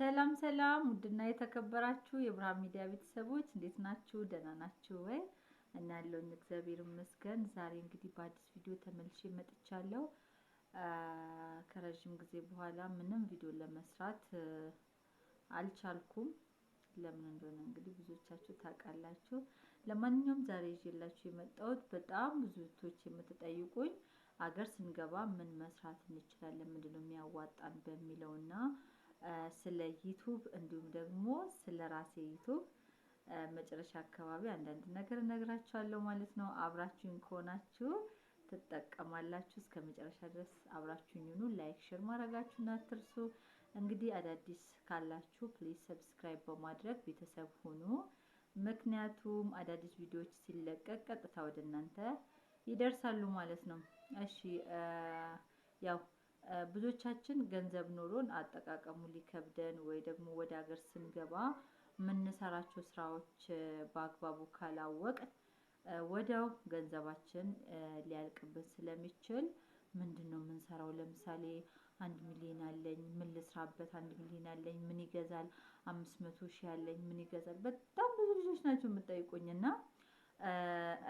ሰላም ሰላም፣ ውድና የተከበራችሁ የብርሃን ሚዲያ ቤተሰቦች እንዴት ናችሁ? ደህና ናችሁ ወይ? እና ያለውን እግዚአብሔር ይመስገን። ዛሬ እንግዲህ በአዲስ ቪዲዮ ተመልሼ መጥቻለሁ። ከረዥም ጊዜ በኋላ ምንም ቪዲዮ ለመስራት አልቻልኩም። ለምን እንደሆነ እንግዲህ ብዙዎቻችሁ ታውቃላችሁ። ለማንኛውም ዛሬ ይዤላችሁ የመጣሁት በጣም ብዙ እህቶች የምትጠይቁኝ አገር ስንገባ ምን መስራት እንችላለን፣ ምንድነው የሚያዋጣን በሚለውና ስለ ዩቱብ እንዲሁም ደግሞ ስለ ራሴ ዩቱብ መጨረሻ አካባቢ አንዳንድ ነገር እነግራችኋለሁ ማለት ነው። አብራችሁኝ ከሆናችሁ ትጠቀማላችሁ። እስከ መጨረሻ ድረስ አብራችሁኝ ሁኑ። ላይክ፣ ሼር ማድረጋችሁን አትርሱ። እንግዲህ አዳዲስ ካላችሁ ፕሊዝ ሰብስክራይብ በማድረግ ቤተሰብ ሁኑ። ምክንያቱም አዳዲስ ቪዲዮዎች ሲለቀቅ ቀጥታ ወደ እናንተ ይደርሳሉ ማለት ነው። እሺ ያው ብዙዎቻችን ገንዘብ ኖሮን አጠቃቀሙ ሊከብደን ወይ ደግሞ ወደ ሀገር ስንገባ የምንሰራቸው ስራዎች በአግባቡ ካላወቅ ወዲያው ገንዘባችን ሊያልቅብን ስለሚችል ምንድን ነው የምንሰራው? ለምሳሌ አንድ ሚሊዮን አለኝ ምን ልስራበት? አንድ ሚሊዮን አለኝ ምን ይገዛል? አምስት መቶ ሺህ አለኝ ምን ይገዛል? በጣም ብዙ ልጆች ናቸው የምጠይቁኝ እና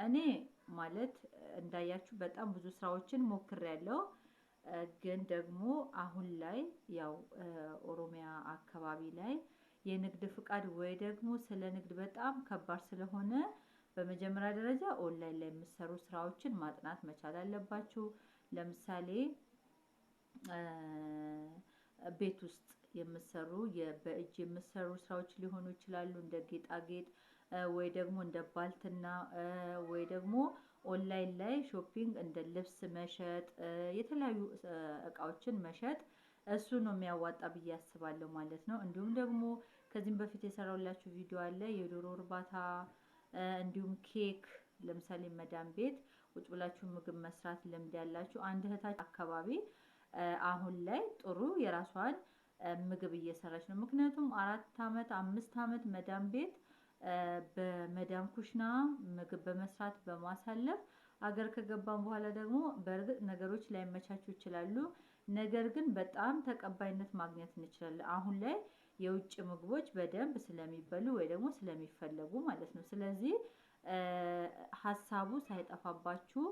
እኔ ማለት እንዳያችሁ በጣም ብዙ ስራዎችን ሞክሬያለሁ። ግን ደግሞ አሁን ላይ ያው ኦሮሚያ አካባቢ ላይ የንግድ ፍቃድ ወይ ደግሞ ስለ ንግድ በጣም ከባድ ስለሆነ በመጀመሪያ ደረጃ ኦንላይን ላይ የሚሰሩ ስራዎችን ማጥናት መቻል አለባችሁ። ለምሳሌ ቤት ውስጥ የምትሰሩ በእጅ የምትሰሩ ስራዎች ሊሆኑ ይችላሉ። እንደ ጌጣጌጥ ወይ ደግሞ እንደ ባልትና ወይ ደግሞ ኦንላይን ላይ ሾፒንግ እንደ ልብስ መሸጥ የተለያዩ እቃዎችን መሸጥ እሱ ነው የሚያዋጣ ብዬ አስባለሁ ማለት ነው። እንዲሁም ደግሞ ከዚህም በፊት የሰራሁላችሁ ቪዲዮ አለ የዶሮ እርባታ እንዲሁም ኬክ ለምሳሌ መዳም ቤት ውጭ ብላችሁ ምግብ መስራት ልምድ ያላችሁ አንድ እህታች አካባቢ አሁን ላይ ጥሩ የራሷን ምግብ እየሰራች ነው። ምክንያቱም አራት አመት አምስት አመት መዳም ቤት በመዳም ኩሽና ምግብ በመስራት በማሳለፍ አገር ከገባን በኋላ ደግሞ በእርግጥ ነገሮች ላይመቻችሁ ይችላሉ። ነገር ግን በጣም ተቀባይነት ማግኘት እንችላለን። አሁን ላይ የውጭ ምግቦች በደንብ ስለሚበሉ ወይ ደግሞ ስለሚፈለጉ ማለት ነው። ስለዚህ ሀሳቡ ሳይጠፋባችሁ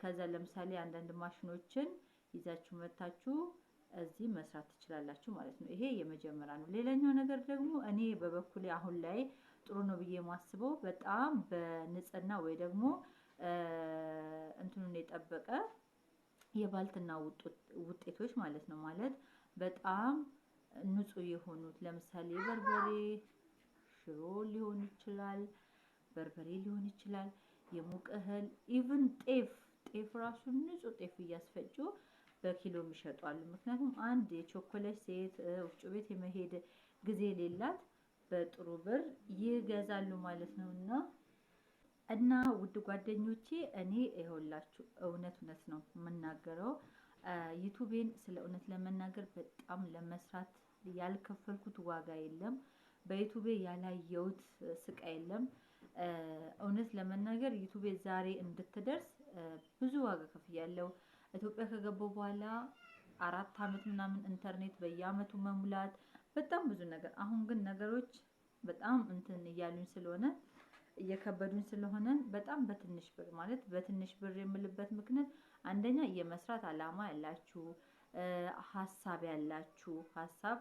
ከዛ ለምሳሌ አንዳንድ ማሽኖችን ይዛችሁ መታችሁ እዚህ መስራት ትችላላችሁ ማለት ነው። ይሄ የመጀመሪያ ነው። ሌላኛው ነገር ደግሞ እኔ በበኩሌ አሁን ላይ ጥሩ ነው ብዬ የማስበው በጣም በንጽህና ወይ ደግሞ እንትኑን የጠበቀ የባልትና ውጤቶች ማለት ነው። ማለት በጣም ንጹህ የሆኑት ለምሳሌ በርበሬ ሽሮ ሊሆን ይችላል፣ በርበሬ ሊሆን ይችላል፣ የሙቅ እህል ኢቭን ጤፍ ጤፍ ራሱ ንጹህ ጤፍ እያስፈጩ በኪሎ የሚሸጧሉ። ምክንያቱም አንድ የቸኮለች ሴት ወፍጮ ቤት የመሄድ ጊዜ ሌላት በጥሩ ብር ይገዛሉ ማለት ነው እና እና ውድ ጓደኞቼ እኔ ይኸውላችሁ እውነት እውነት ነው የምናገረው። ዩቱቤን ስለ እውነት ለመናገር በጣም ለመስራት ያልከፈልኩት ዋጋ የለም። በዩቱቤ ያላየሁት ስቃይ የለም። እውነት ለመናገር ዩቱቤ ዛሬ እንድትደርስ ብዙ ዋጋ ከፍያለሁ። ኢትዮጵያ ከገባው በኋላ አራት አመት ምናምን ኢንተርኔት በየአመቱ መሙላት በጣም ብዙ ነገር። አሁን ግን ነገሮች በጣም እንትን እያሉኝ ስለሆነ እየከበዱኝ ስለሆነ በጣም በትንሽ ብር ማለት በትንሽ ብር የምልበት ምክንያት አንደኛ የመስራት አላማ ያላችሁ ሀሳብ ያላችሁ ሀሳብ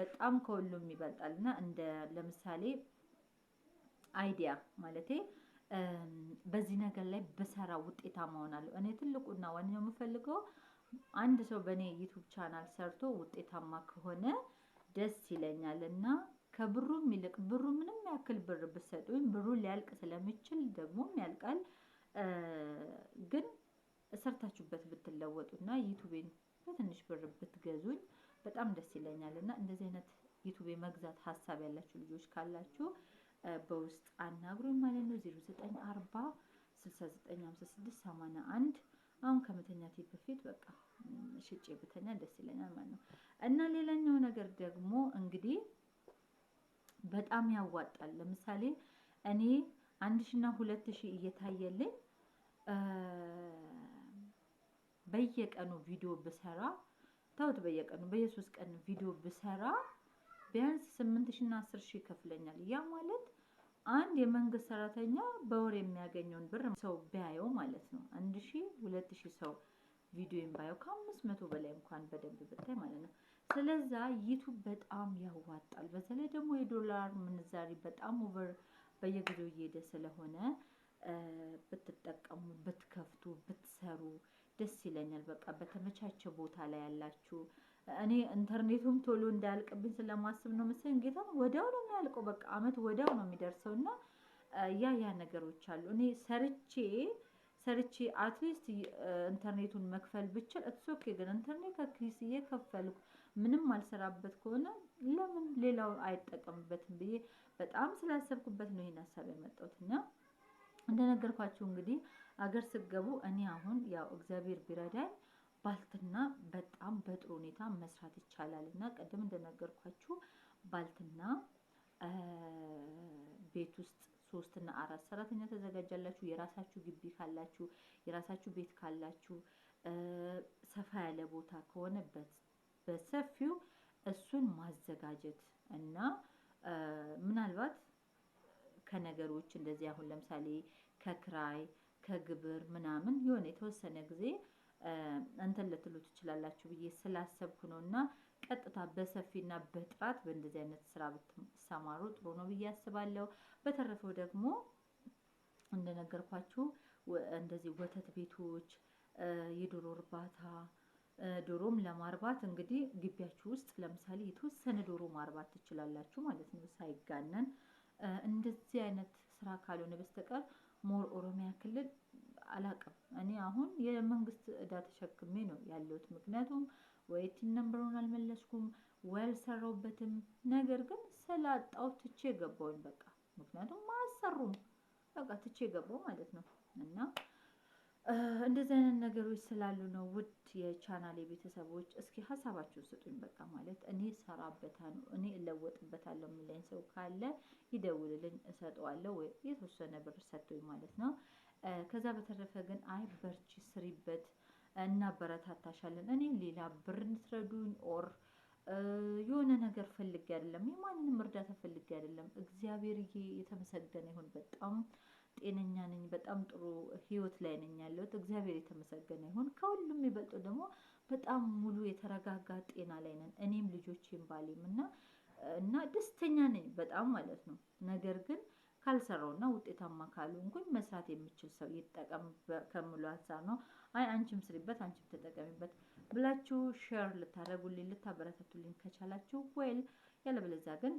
በጣም ከሁሉም ይበልጣል እና እንደ ለምሳሌ አይዲያ ማለቴ በዚህ ነገር ላይ ብሰራ ውጤታማ ሆናለሁ። እኔ ትልቁና ዋነኛው የምፈልገው አንድ ሰው በእኔ ዩቱብ ቻናል ሰርቶ ውጤታማ ከሆነ ደስ ይለኛል እና ከብሩ ይልቅ ብሩ ምንም ያክል ብር ብሰጡኝ ብሩ ሊያልቅ ስለሚችል ደግሞም ያልቃል፣ ግን እሰርታችሁበት ብትለወጡና ዩቱቤን በትንሽ ብር ብትገዙኝ በጣም ደስ ይለኛል እና እንደዚህ አይነት ዩቱቤ መግዛት ሀሳብ ያላችሁ ልጆች ካላችሁ በውስጥ አናግሩን ማለት ነው 0940 695681 አሁን ከመተኛቴ በፊት በቃ ሽጬ ብተኛ ደስ ይለኛል ማለት ነው። እና ሌላኛው ነገር ደግሞ እንግዲህ በጣም ያዋጣል። ለምሳሌ እኔ አንድ ሺ እና ሁለት ሺ እየታየልኝ በየቀኑ ቪዲዮ ብሰራ ታውት በየቀኑ በየሶስት ቀን ቪዲዮ ብሰራ ቢያንስ ስምንት ሺ እና አስር ሺ ይከፍለኛል። ያ ማለት አንድ የመንግስት ሰራተኛ በወር የሚያገኘውን ብር ሰው ቢያየው ማለት ነው አንድ ሺ ሁለት ሺ ሰው ቪዲዮን ባየው ከአምስት መቶ በላይ እንኳን በደንብ ብታይ ማለት ነው። ስለዛ ዩቱብ በጣም ያዋጣል። በተለይ ደግሞ የዶላር ምንዛሪ በጣም ኦቨር በየጊዜው እየሄደ ስለሆነ ብትጠቀሙ፣ ብትከፍቱ፣ ብትሰሩ ደስ ይለኛል። በቃ በተመቻቸ ቦታ ላይ ያላችሁ እኔ ኢንተርኔቱም ቶሎ እንዳያልቅብኝ ስለማስብ ነው መሰለኝ ጌታ ወዲያው ነው የሚያልቀው። በቃ አመት ወዲያው ነው የሚደርሰው እና ያ ያ ነገሮች አሉ። እኔ ሰርቼ ሰርቼ አትሊስት ኢንተርኔቱን መክፈል ብችል እሱ ግን ኢንተርኔት ከኪስ እየከፈልኩ ምንም አልሰራበት ከሆነ ለምን ሌላው አይጠቀምበትም ብዬ በጣም ስላሰብኩበት ነው ይሄን ሀሳብ ያመጣሁት እና እንደነገርኳችሁ እንግዲህ አገር ስገቡ እኔ አሁን ያው እግዚአብሔር ቢረዳኝ ባልትና በጣም በጥሩ ሁኔታ መስራት ይቻላል እና ቀደም እንደነገርኳችሁ ባልትና ቤት ውስጥ ሶስት እና አራት ሰራተኛ ተዘጋጃላችሁ። የራሳችሁ ግቢ ካላችሁ፣ የራሳችሁ ቤት ካላችሁ፣ ሰፋ ያለ ቦታ ከሆነ በሰፊው እሱን ማዘጋጀት እና ምናልባት ከነገሮች እንደዚህ አሁን ለምሳሌ ከክራይ ከግብር ምናምን የሆነ የተወሰነ ጊዜ እንትን ልትሉ ትችላላችሁ ብዬ ስላሰብኩ ነው እና ቀጥታ በሰፊና በጥራት በእንደዚህ አይነት ስራ ብትሰማሩ ጥሩ ነው ብዬ አስባለሁ። በተረፈው ደግሞ እንደነገርኳችሁ እንደዚህ ወተት ቤቶች፣ የዶሮ እርባታ ዶሮም ለማርባት እንግዲህ ግቢያችሁ ውስጥ ለምሳሌ የተወሰነ ዶሮ ማርባት ትችላላችሁ ማለት ነው ሳይጋነን። እንደዚህ አይነት ስራ ካልሆነ በስተቀር ሞር ኦሮሚያ ክልል አላቅም። እኔ አሁን የመንግስት እዳ ተሸክሜ ነው ያለሁት። ምክንያቱም ወይ ቲን ነምበሩን አልመለስኩም ወይ አልሰራሁበትም። ነገር ግን ስላጣው ትቼ ገባውኝ በቃ። ምክንያቱም አሰሩም በቃ ትቼ ገባው ማለት ነው እና እንደዚህ አይነት ነገሮች ስላሉ ነው። ውድ የቻናሌ ቤተሰቦች እስኪ ሀሳባችሁን ስጡኝ። በቃ ማለት እኔ እሰራበታለሁ እኔ እለወጥበታለሁ የሚለኝ ሰው ካለ ይደውልልኝ፣ እሰጠዋለሁ ወይ የተወሰነ ብር ሰጥቶኝ ማለት ነው። ከዛ በተረፈ ግን አይ በርቺ፣ ስሪበት እናበረታታሻለን። እኔ ሌላ ብር እንትረዱኝ ኦር የሆነ ነገር ፈልጌ አይደለም፣ የማንንም እርዳታ ፈልጌ አይደለም። እግዚአብሔር የተመሰገነ ይሁን። በጣም ጤነኛ ነኝ። በጣም ጥሩ ህይወት ላይ ነኝ ያለሁት። እግዚአብሔር የተመሰገነ ይሁን። ከሁሉም ይበልጡ ደግሞ በጣም ሙሉ የተረጋጋ ጤና ላይ ነን፣ እኔም ልጆቼም ባሌም እና እና ደስተኛ ነኝ በጣም ማለት ነው ነገር ግን ካልሰራውና ውጤታማ ካልሆንኩኝ መስራት የምችል ሰው ይጠቀም ከምሉ ሀሳብ ነው። አይ አንቺም ስሪበት፣ አንቺም ተጠቀሚበት ብላችሁ ሼር ልታደረጉልኝ ልታበረታቱልኝ ከቻላችሁ ወይል፣ ያለበለዚያ ግን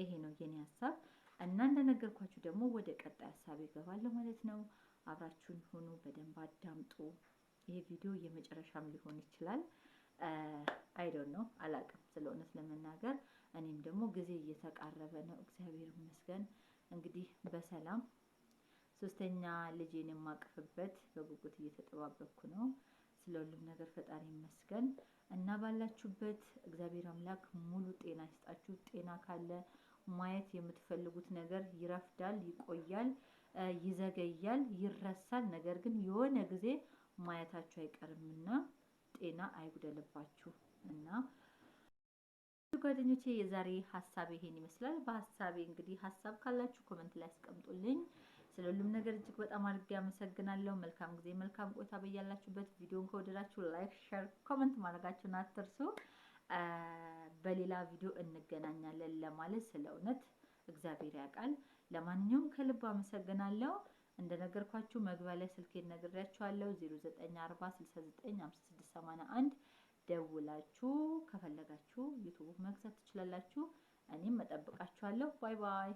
ይሄ ነው የኔ ሀሳብ እና እንደነገርኳችሁ ደግሞ ወደ ቀጣይ ሀሳብ ይገባል ማለት ነው። አብራችሁን ሆኑ በደንብ አዳምጡ። ይሄ ቪዲዮ የመጨረሻም ሊሆን ይችላል። አይዶን ነው አላቅም። ስለ እውነት ለመናገር እኔም ደግሞ ጊዜ እየተቃረበ ነው። እግዚአብሔር ይመስገን። እንግዲህ በሰላም ሶስተኛ ልጄን የማቅፍበት በጉጉት እየተጠባበኩ ነው። ስለ ሁሉም ነገር ፈጣሪ ይመስገን እና ባላችሁበት እግዚአብሔር አምላክ ሙሉ ጤና ይስጣችሁ። ጤና ካለ ማየት የምትፈልጉት ነገር ይረፍዳል፣ ይቆያል፣ ይዘገያል፣ ይረሳል። ነገር ግን የሆነ ጊዜ ማየታችሁ አይቀርምና ጤና አይጉደልባችሁ እና ጓደኞቼ የዛሬ ሀሳብ ይሄን ይመስላል። በሀሳቤ እንግዲህ ሀሳብ ካላችሁ ኮመንት ላይ አስቀምጡልኝ። ስለ ሁሉም ነገር እጅግ በጣም አድርጌ አመሰግናለሁ። መልካም ጊዜ፣ መልካም ቆይታ በያላችሁበት። ቪዲዮን ከወደዳችሁ ላይክ፣ ሸር፣ ኮመንት ማድረጋችሁን አትርሱ። በሌላ ቪዲዮ እንገናኛለን ለማለት ስለ እውነት እግዚአብሔር ያውቃል። ለማንኛውም ከልብ አመሰግናለሁ። እንደነገርኳችሁ መግቢያ ላይ ስልኬን ነግሬያችኋለሁ። 0940695681 ደውላችሁ ከፈለጋችሁ ዩቱብ መግዛት ትችላላችሁ። እኔም መጠብቃችኋለሁ። ባይ ባይ።